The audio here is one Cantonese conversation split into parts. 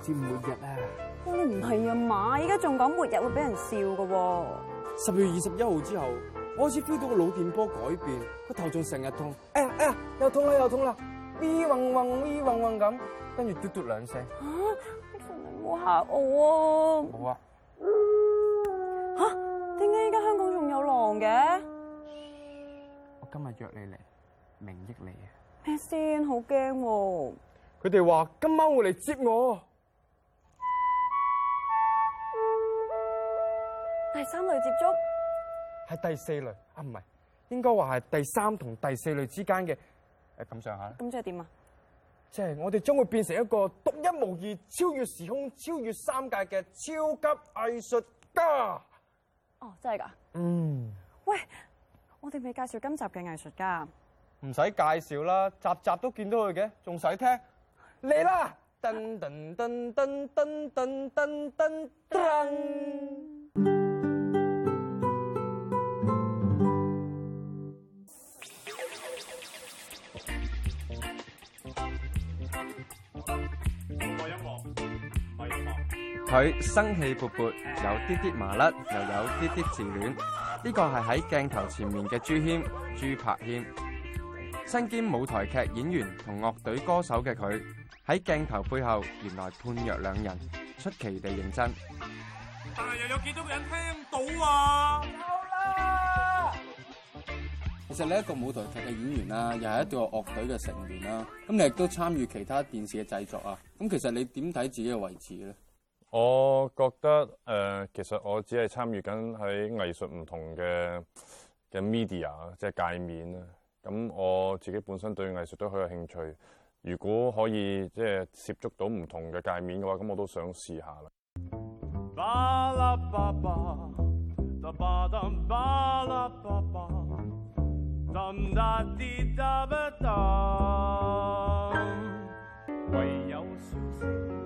接末日啊！喂你唔係啊嘛，依家仲講末日會俾人笑㗎、啊。十月二十一號之後，我好似 feel 到個腦電波改變，個頭仲成日痛。哎呀哎呀，又痛啦又痛啦，V 晃晃 V 晃晃咁，跟住嘟嘟兩聲。吓、啊，你冇嚇我啊？冇啊。吓，點解依家香港仲有狼嘅？我今日約你嚟，明益你、嗯、啊？咩先？好驚喎！佢哋話今晚會嚟接我。第三類接觸？係第四類？啊，唔係，應該話係第三同第四類之間嘅誒，咁上下。咁即係點啊？即係、就是、我哋將會變成一個獨一無二、超越時空、超越三界嘅超級藝術家。哦，真係噶？嗯。喂，我哋未介紹今集嘅藝術家。唔使介紹啦，集集都見到佢嘅，仲使聽？嚟啦！噔噔噔噔噔噔噔。佢生氣勃勃，有啲啲麻甩，又有啲啲自戀。呢個係喺鏡頭前面嘅朱謙朱栢謙，身兼舞台劇演員同樂隊歌手嘅佢喺鏡頭背後，原來判若兩人，出奇地認真。但係又有幾多個人聽到啊？啦。其實你一個舞台劇嘅演員啦、啊，又係一個樂隊嘅成員啦，咁你亦都參與其他電視嘅製作啊。咁其實你點睇自己嘅位置咧？我覺得誒、呃，其實我只係參與緊喺藝術唔同嘅嘅 media，即係界面啦。咁我自己本身對藝術都好有興趣。如果可以即係接觸到唔同嘅界面嘅話，咁我都想試下啦。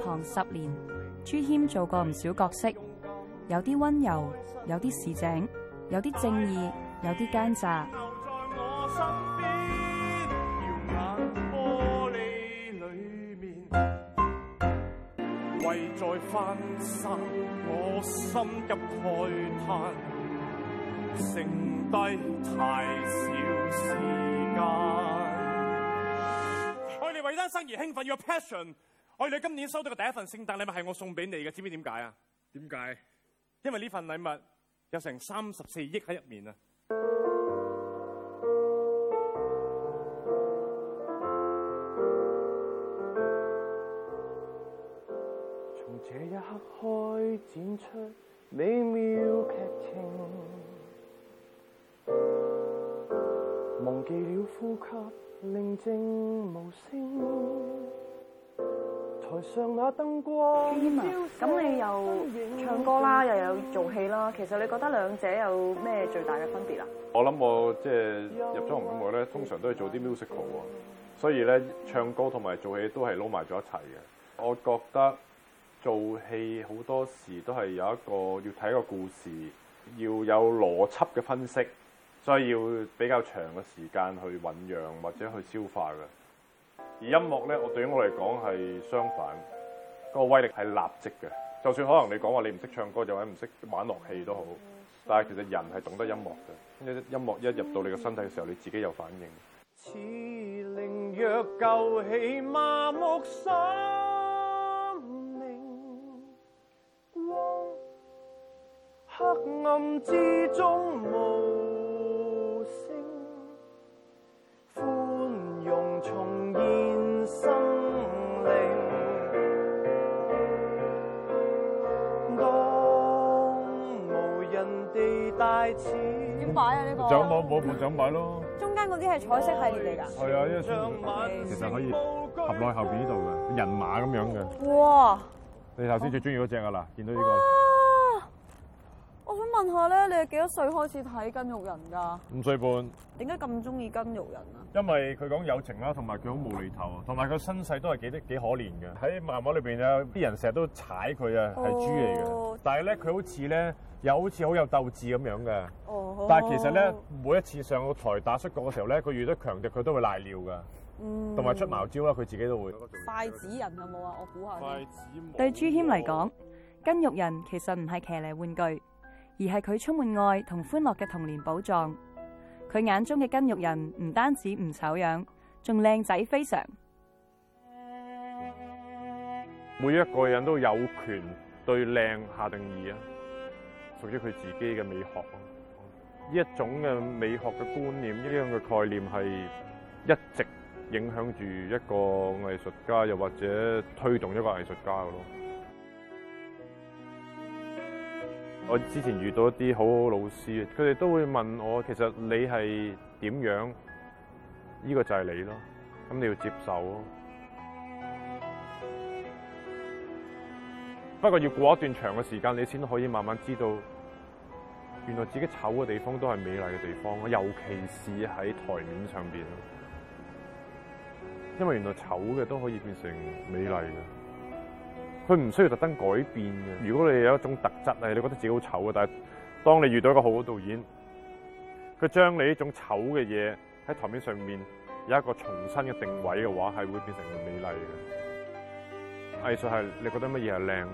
旁十年，朱謙做過唔少角色，有啲溫柔，有啲市井，有啲正義，有啲奸詐。我哋今年收到嘅第一份聖誕禮物係我送俾你嘅，知唔知點解啊？點解？因為呢份禮物有成三十四億喺入面啊！從這一刻開展出美妙劇情，忘記了呼吸，寧靜無聲。台上那燈光，咁、啊、你又唱歌啦，又有做戲啦。其實你覺得兩者有咩最大嘅分別啊？我諗我即係入咗紅館後咧，通常都係做啲 musical 喎，所以咧唱歌同埋做戲都係撈埋咗一齊嘅。我覺得做戲好多時都係有一個要睇個故事，要有邏輯嘅分析，所以要比較長嘅時間去醖釀，或者去消化嘅。而音樂咧，我對於我嚟講係相反，個威力係立即嘅。就算可能你講話你唔識唱歌，又或者唔識玩樂器都好，但係其實人係懂得音樂嘅。音樂一入到你個身體嘅時候，你自己有反應。上冇冇冇上買咯，中間嗰啲係彩色系列嚟噶，係 啊，呢一 其實可以合落去後邊呢度嘅人馬咁樣嘅。哇！你頭先最中意嗰隻啊嗱，見到呢、這個。我想問一下咧，你係幾多歲開始睇筋肉人噶？五歲半。點解咁中意筋肉人啊？因為佢講友情啦，同埋佢好無厘頭啊，同埋佢身世都係幾得幾可憐嘅。喺漫畫裏邊啊，啲人成日都踩佢啊，係豬嚟嘅。但係咧，佢好似咧，又好似好有鬥志咁樣嘅。但係其實咧、哦，每一次上個台打摔角嘅時候咧，佢遇到強敵佢都會瀨尿噶，同、嗯、埋出茅招啦，佢自己都會。筷子人有冇啊？我估下筷子。對朱謙嚟講，筋肉人其實唔係騎呢玩具，而係佢充滿愛同歡樂嘅童年寶藏。佢眼中嘅筋肉人唔單止唔醜樣，仲靚仔非常。每一個人都有權對靚下定義啊，屬於佢自己嘅美學。呢一種嘅美學嘅觀念，呢樣嘅概念係一直影響住一個藝術家，又或者推動一個藝術家嘅咯。我之前遇到一啲好好老師，佢哋都會問我，其實你係點樣？呢個就係你咯，咁你要接受咯。不過要過一段長嘅時間，你先可以慢慢知道。原來自己醜嘅地方都係美麗嘅地方，尤其是喺台面上邊，因為原來醜嘅都可以變成美麗嘅，佢唔需要特登改變嘅。如果你有一種特質，係你覺得自己好醜嘅，但係當你遇到一個好嘅導演，佢將你呢種醜嘅嘢喺台面上面有一個重新嘅定位嘅話，係會變成美麗嘅。藝術係你覺得乜嘢係靚？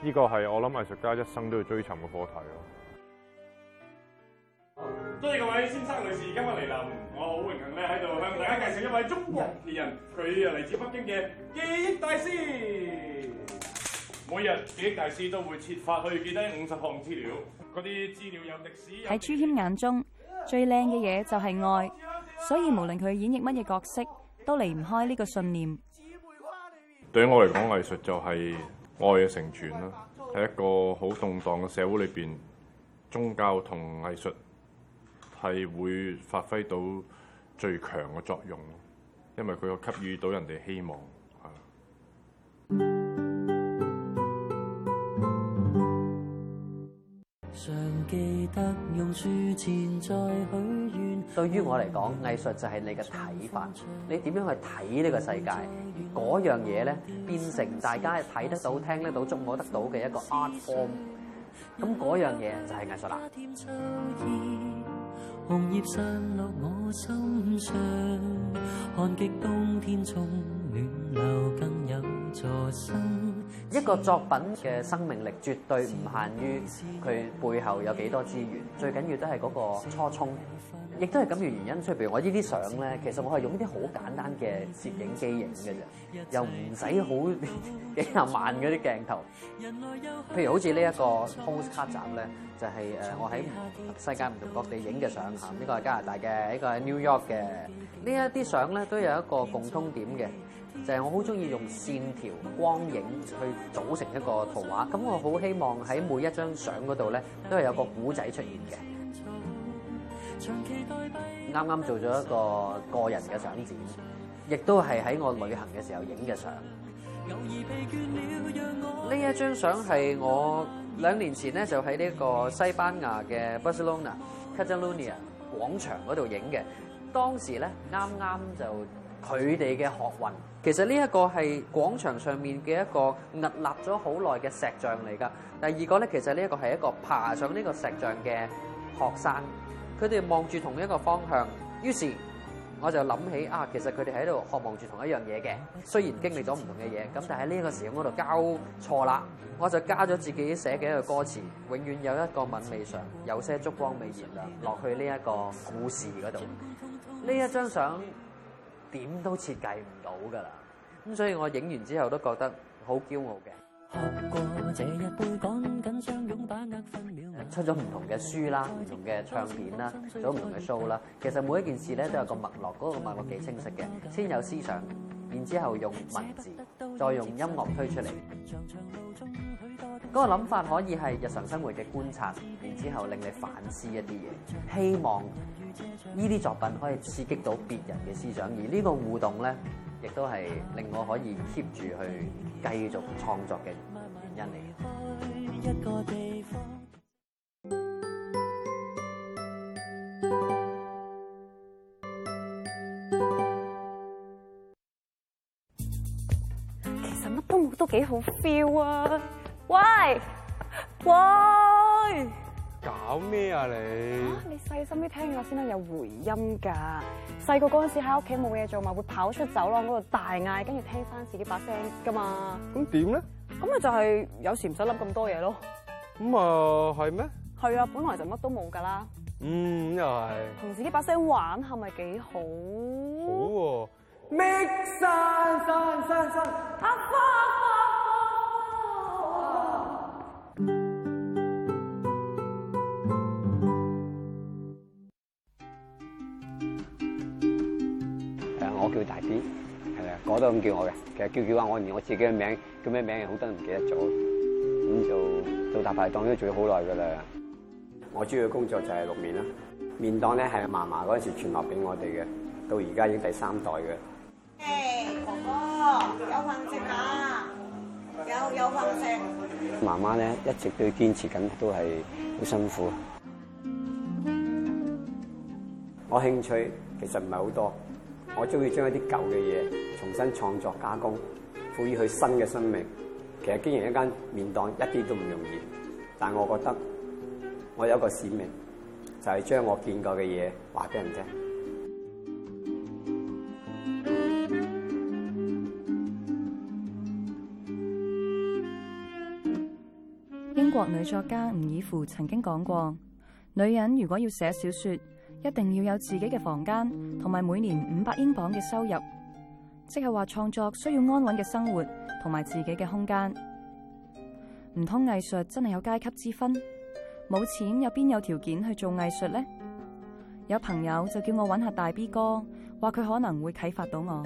呢個係我諗藝術家一生都要追尋嘅課題咯。多謝各位先生女士，今日嚟臨，我好榮幸咧喺度向大家介紹一位中國人，佢就嚟自北京嘅記憶大師。每日記憶大師都會設法去記低五十項資料，嗰啲資料有歷史。喺朱栢謙眼中最靚嘅嘢就係愛，所以無論佢演繹乜嘢角色，都離唔開呢個信念。對於我嚟講，藝術就係愛嘅成全啦。喺一個好動盪嘅社會裏邊，宗教同藝術，係會發揮到最強嘅作用，因為佢有給予到人哋希望。對於我嚟講，藝術就係你嘅睇法，你點樣去睇呢個世界？嗰樣嘢咧變成大家睇得到、聽得到、捉摸得到嘅一個 art form，咁嗰樣嘢就係藝術啦。紅葉散落我心上，寒極冬天中，暖流更有助身。一個作品嘅生命力絕對唔限於佢背後有幾多資源，最緊要都係嗰個初衷，亦都係咁嘅原因。所以譬如我呢啲相咧，其實我係用啲好簡單嘅攝影機影嘅啫，又唔使好幾廿萬嗰啲鏡頭。譬如好似呢一個 postcard 集咧，就係誒我喺世界唔同各地影嘅相，吓，呢個係加拿大嘅，呢個係 New York 嘅，呢一啲相咧都有一個共通點嘅。就係、是、我好中意用線條光影去組成一個圖畫，咁我好希望喺每一張相嗰度咧，都係有個古仔出現嘅。啱啱做咗一個個人嘅相展，亦都係喺我旅行嘅時候影嘅相。呢一張相係我兩年前咧就喺呢個西班牙嘅 Barcelona Catalunya 廣場嗰度影嘅，當時咧啱啱就。佢哋嘅學運，其實呢一個係廣場上面嘅一個屹立咗好耐嘅石像嚟㗎。第二個咧，其實呢一個係一個爬上呢個石像嘅學生，佢哋望住同一個方向。於是我就諗起啊，其實佢哋喺度渴望住同一樣嘢嘅。雖然經歷咗唔同嘅嘢，咁但係呢個時候度交錯啦。我就加咗自己寫嘅一個歌詞，永遠有一個品味上有些燭光未燃亮落去呢一個故事嗰度。呢一張相。點都設計唔到㗎啦！咁所以我影完之後都覺得好驕傲嘅。出咗唔同嘅書啦，唔同嘅唱片啦，做唔同嘅 show 啦。其實每一件事咧都有個脈絡，嗰個脈絡幾清晰嘅。先有思想，然之後用文字，再用音樂推出嚟。嗰、那個諗法可以係日常生活嘅觀察，然之後令你反思一啲嘢，希望依啲作品可以刺激到別人嘅思想，而呢個互動咧，亦都係令我可以 keep 住去繼續創作嘅原因嚟。其實乜都都幾好 feel 啊！喂喂，喂搞咩啊你？啊，你細心啲聽下先啦，有回音噶。細個嗰陣時喺屋企冇嘢做嘛，會跑出走廊嗰度大嗌，跟住聽翻自己把聲噶嘛那呢。咁點咧？咁咪就係有時唔使諗咁多嘢咯、嗯。咁啊，係咩？係啊，本來就乜都冇噶啦。嗯，又係。同自己把聲玩係咪幾好？好喎、啊。最大啲，係啊，嗰、那個、都咁叫我嘅。其實叫叫吓，我連我自己嘅名叫咩名，好多人唔記得咗。咁就做大排檔都做咗好耐噶啦。我主要嘅工作就係碌麵啦，麵檔咧係嫲嫲嗰陣時傳落俾我哋嘅，到而家已經第三代嘅。係、hey，哥哥有飯食啊！有有飯食。媽媽咧一直都要堅持緊，都係好辛苦。我興趣其實唔係好多。我中意將一啲舊嘅嘢，重新創作加工，賦予佢新嘅生命。其實經營一間麵檔一啲都唔容易，但我覺得我有一個使命，就係將我見過嘅嘢話俾人聽。英國女作家吳爾芙曾經講過：「女人如果要寫小說。一定要有自己嘅房間，同埋每年五百英鎊嘅收入。即係話，創作需要安穩嘅生活，同埋自己嘅空間。唔通藝術真係有階級之分？冇錢又邊有條件去做藝術咧？有朋友就叫我搵下大 B 哥，話佢可能會啟發到我。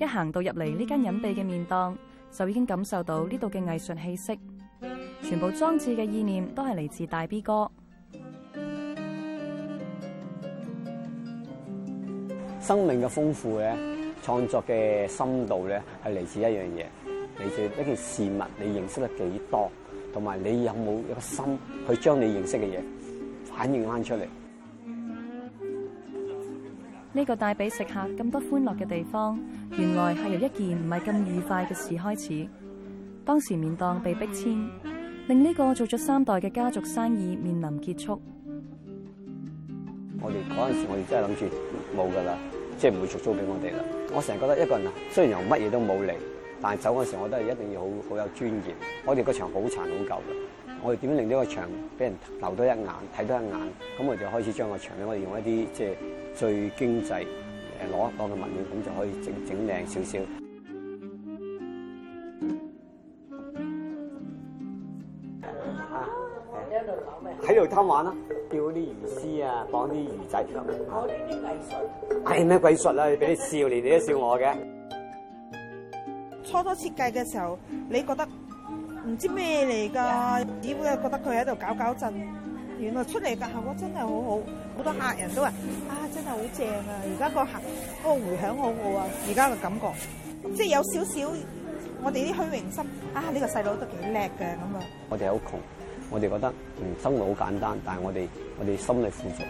一行到入嚟呢間隱蔽嘅麵檔，就已經感受到呢度嘅藝術氣息。全部裝置嘅意念都係嚟自大 B 哥。生命嘅豐富咧，創作嘅深度咧，係嚟自一樣嘢，嚟自一件事物你認識得幾多，同埋你有冇一個心去將你認識嘅嘢反映翻出嚟。呢、這個帶俾食客咁多歡樂嘅地方，原來係由一件唔係咁愉快嘅事開始。當時麵檔被逼遷。令呢個做咗三代嘅家族生意面臨結束，我我，就是、我哋嗰陣時，我哋真係諗住冇噶啦，即係唔會續租俾我哋啦。我成日覺得一個人啊，雖然由乜嘢都冇嚟，但係走嗰時我都係一定要好好有尊嚴。我哋個場好殘好舊嘅，我哋點樣令呢個場俾人留多一眼，睇多一眼？咁我哋就開始將個場咧，我哋用一啲即係最經濟誒攞一攞嘅物件，咁就可以整整靚少少。去貪玩啦，吊啲魚絲啊，綁啲魚仔。我哋啲藝術，係咩鬼術啊？你俾你笑你你都笑我嘅。初初設計嘅時候，你覺得唔知咩嚟㗎？Yeah. 只會覺得佢喺度搞搞震。原來出嚟嘅效果真係好好，好多客人都話：啊，真係好正啊！而家個客，個、回響好好啊！而家嘅感覺，即係有少少我哋啲虛榮心。啊，呢、呢個細佬都幾叻嘅咁啊！我哋好窮。我哋覺得生活好簡單，但係我哋我哋心理負重。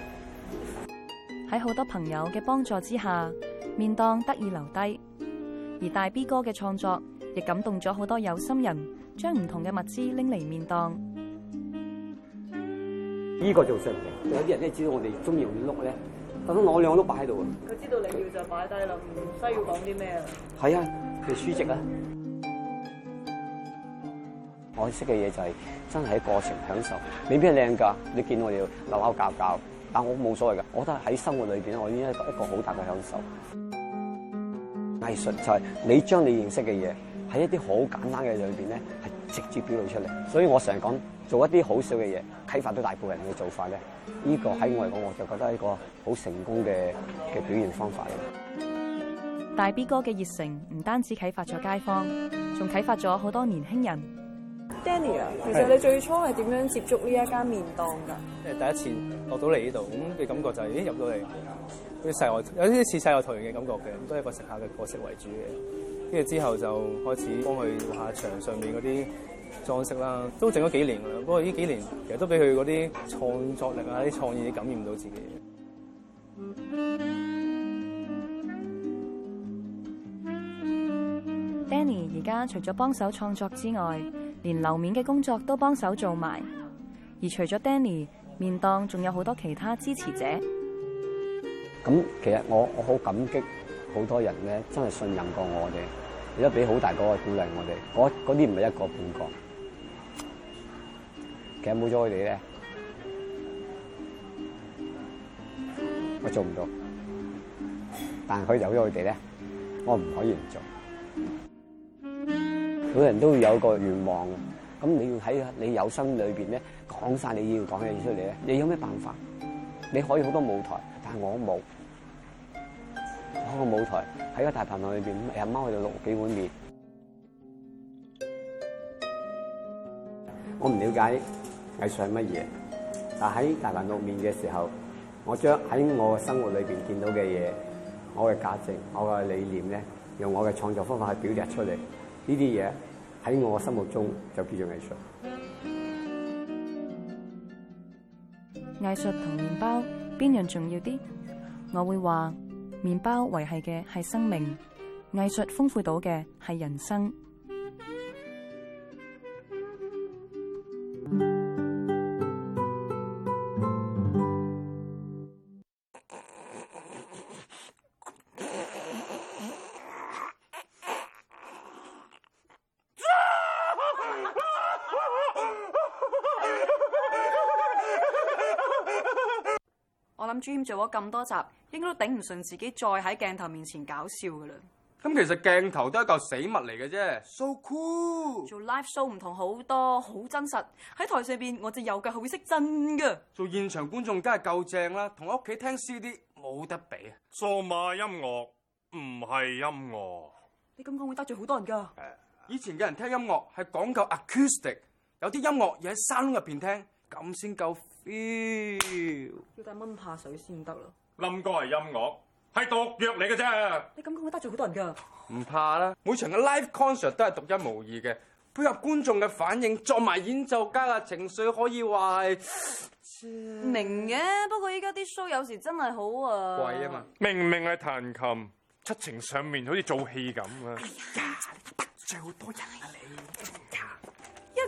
喺好多朋友嘅幫助之下，麵檔得以留低。而大 B 哥嘅創作亦感動咗好多有心人，將唔同嘅物資拎嚟麵檔。呢、這個就成，有啲人咧知道我哋中意用碌咧，特登攞兩個碌擺喺度。佢知道你要就擺低啦，唔需要講啲咩啦。係啊，佢書籍啊。我認識嘅嘢就係真係喺過程享受，未必靚噶。你見我要扭扭搞搞，但我冇所謂噶。我覺得喺生活裏邊，我已經一個一個好大嘅享受。藝術就係你將你認識嘅嘢喺一啲好簡單嘅裏邊咧，係直接表露出嚟。所以我成日講做一啲好少嘅嘢，啟發到大部分人嘅做法咧，呢個喺我嚟講，我就覺得係一個好成功嘅嘅表現方法嚟。大 B 哥嘅熱誠唔單止啟發咗街坊，仲啟發咗好多年輕人。Danny 啊，其實你最初係點樣接觸呢一間麵檔㗎？誒，第一次落到嚟呢度，咁嘅感覺就係、是，咦，入到嚟好似世外，有啲似世外桃源嘅感覺嘅，都係一個食客嘅角色為主嘅。跟住之後就開始幫佢下牆上面嗰啲裝飾啦，都整咗幾年啦。不過呢幾年其實都俾佢嗰啲創作力啊、啲創意感染到自己。Danny 而家除咗幫手創作之外，連樓面嘅工作都幫手做埋，而除咗 Danny，麵檔仲有好多其他支持者。咁其實我我好感激好多人咧，真係信任過我哋，亦都俾好大個鼓勵我哋。嗰啲唔係一個半個，其實冇咗佢哋咧，我做唔到。但有咗佢哋咧，我唔可以唔做。每人都有一個願望嘅，咁你要喺你有心裏邊咧講晒你要講嘅嘢出嚟咧。你有咩辦法？你可以好多舞台，但係我冇。我個舞台喺一個大棚內裏邊，阿貓喺度撈幾碗麵。我唔了解藝術係乜嘢，但喺大棚撈麵嘅時候，我將喺我嘅生活裏邊見到嘅嘢，我嘅價值，我嘅理念咧，用我嘅創作方法去表達出嚟。呢啲嘢喺我心目中就叫做藝術。藝術同麵包邊樣重要啲？我會話麵包維繫嘅係生命，藝術豐富到嘅係人生。我諗朱謙做咗咁多集，應該都頂唔順自己再喺鏡頭面前搞笑噶啦。咁其實鏡頭都係嚿死物嚟嘅啫。So cool！做 live show 唔同好多，好真實。喺台上邊，我隻右腳會識震噶。做現場觀眾梗係夠正啦，同我屋企聽 CD 冇得比。數碼音樂唔係音樂。你咁講會得罪好多人噶。以前嘅人聽音樂係講究 acoustic，有啲音樂要喺山窿入邊聽。咁先夠 feel，要帶蚊怕水先得啦。冧歌係音樂，係毒藥嚟嘅啫。你咁講會得罪好多人噶。唔怕啦，每場嘅 live concert 都係獨一無二嘅，配合觀眾嘅反應，作埋演奏家嘅情緒，可以話係。明嘅，不過依家啲 show 有時真係好啊。貴啊嘛，明明係彈琴，七情上面好似做戲咁啊。哎呀，得罪好多人啊你。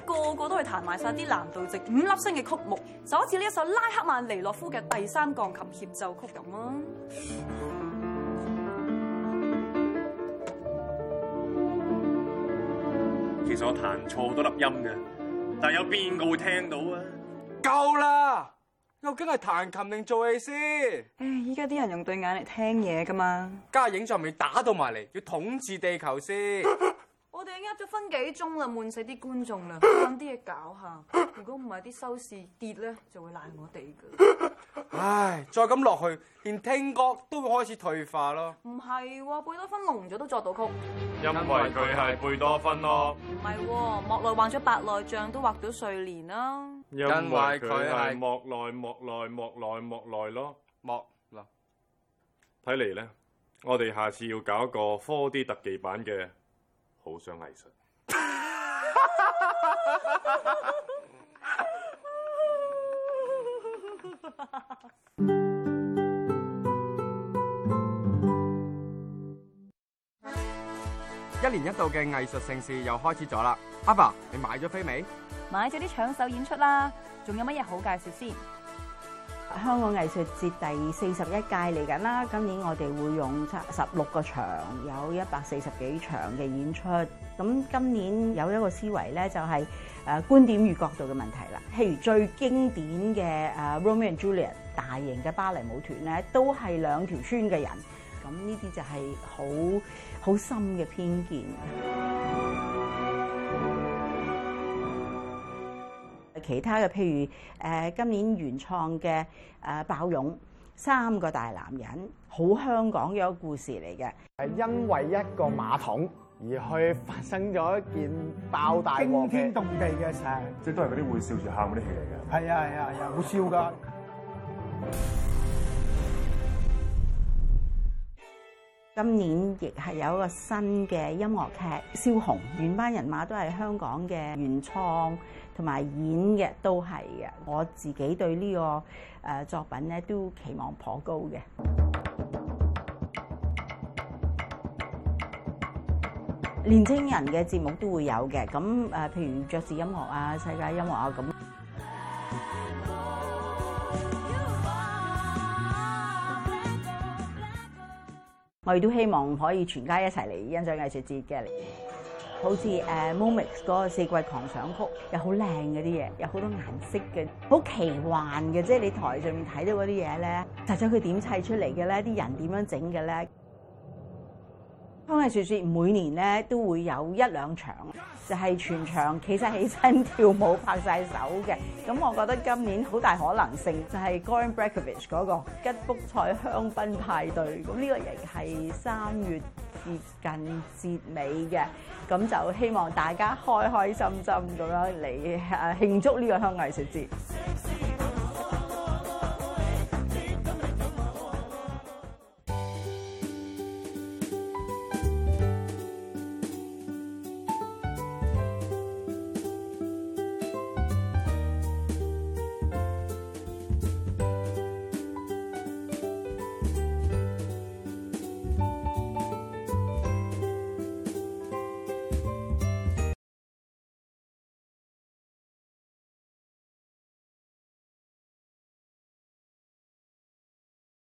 個個都係彈埋晒啲難度值五粒星嘅曲目，就好似呢一首拉赫曼尼諾夫嘅第三鋼琴協奏曲咁啊！其實我彈錯多粒音嘅，但有邊個會聽到啊？夠啦！究竟係彈琴定做戲先？唉，依家啲人用對眼嚟聽嘢噶嘛。加影相未打到埋嚟，要統治地球先。你呃咗分幾鐘啦，悶死啲觀眾啦，等啲嘢搞下。如果唔係啲收視跌咧，就會賴我哋㗎。唉，再咁落去，連聽覺都會開始退化咯。唔係、啊，貝多芬聾咗都作到曲，因為佢係貝多芬咯。唔係、啊，莫奈患咗白內障都畫到《睡蓮》啦。因為佢係莫奈，莫奈，莫奈，莫奈咯。莫嗱，睇嚟咧，我哋下次要搞一個 4D 特技版嘅。好想藝術，一年一度嘅藝術盛事又開始咗啦！阿爸，你買咗飛未？買咗啲搶手演出啦，仲有乜嘢好介紹先？香港藝術節第四十一屆嚟緊啦，今年我哋會用七十六個場，有一百四十幾場嘅演出。咁今年有一個思維咧，就係誒觀點與角度嘅問題啦。譬如最經典嘅誒《Romeo and Juliet》大型嘅芭蕾舞團咧，都係兩條村嘅人。咁呢啲就係好好深嘅偏見。其他嘅譬如誒、呃、今年原創嘅誒《爆勇》三個大男人，好香港嘅一個故事嚟嘅，係因為一個馬桶而去發生咗一件爆大驚天動地嘅事。即都係嗰啲會笑住喊嗰啲戲嚟嘅。係啊，係啊，係啊，好、啊啊啊、笑㗎 ！ 今年亦係有一個新嘅音樂劇《蕭 紅》，原班人馬都係香港嘅原創。同埋演嘅都係嘅，我自己對呢個誒作品咧都期望頗高嘅。年青人嘅節目都會有嘅，咁誒譬如爵士音樂啊、世界音樂啊咁。我亦都希望可以全家一齊嚟欣賞藝術節嘅。好似誒 MOMIX 嗰個四季狂想曲，又好靚嗰啲嘢，有好多顏色嘅，好奇幻嘅，即係你台上面睇到嗰啲嘢咧，或者佢點砌出嚟嘅咧，啲人點樣整嘅咧？香港藝術節每年咧都會有一兩場，就係全場企晒起身跳舞拍晒手嘅。咁我覺得今年好大可能性就係 Goran Bregović 嗰個吉卜賽香檳派對。咁呢個亦係三月接近節尾嘅。咁就希望大家開開心心咁樣嚟慶祝呢個香港藝術節。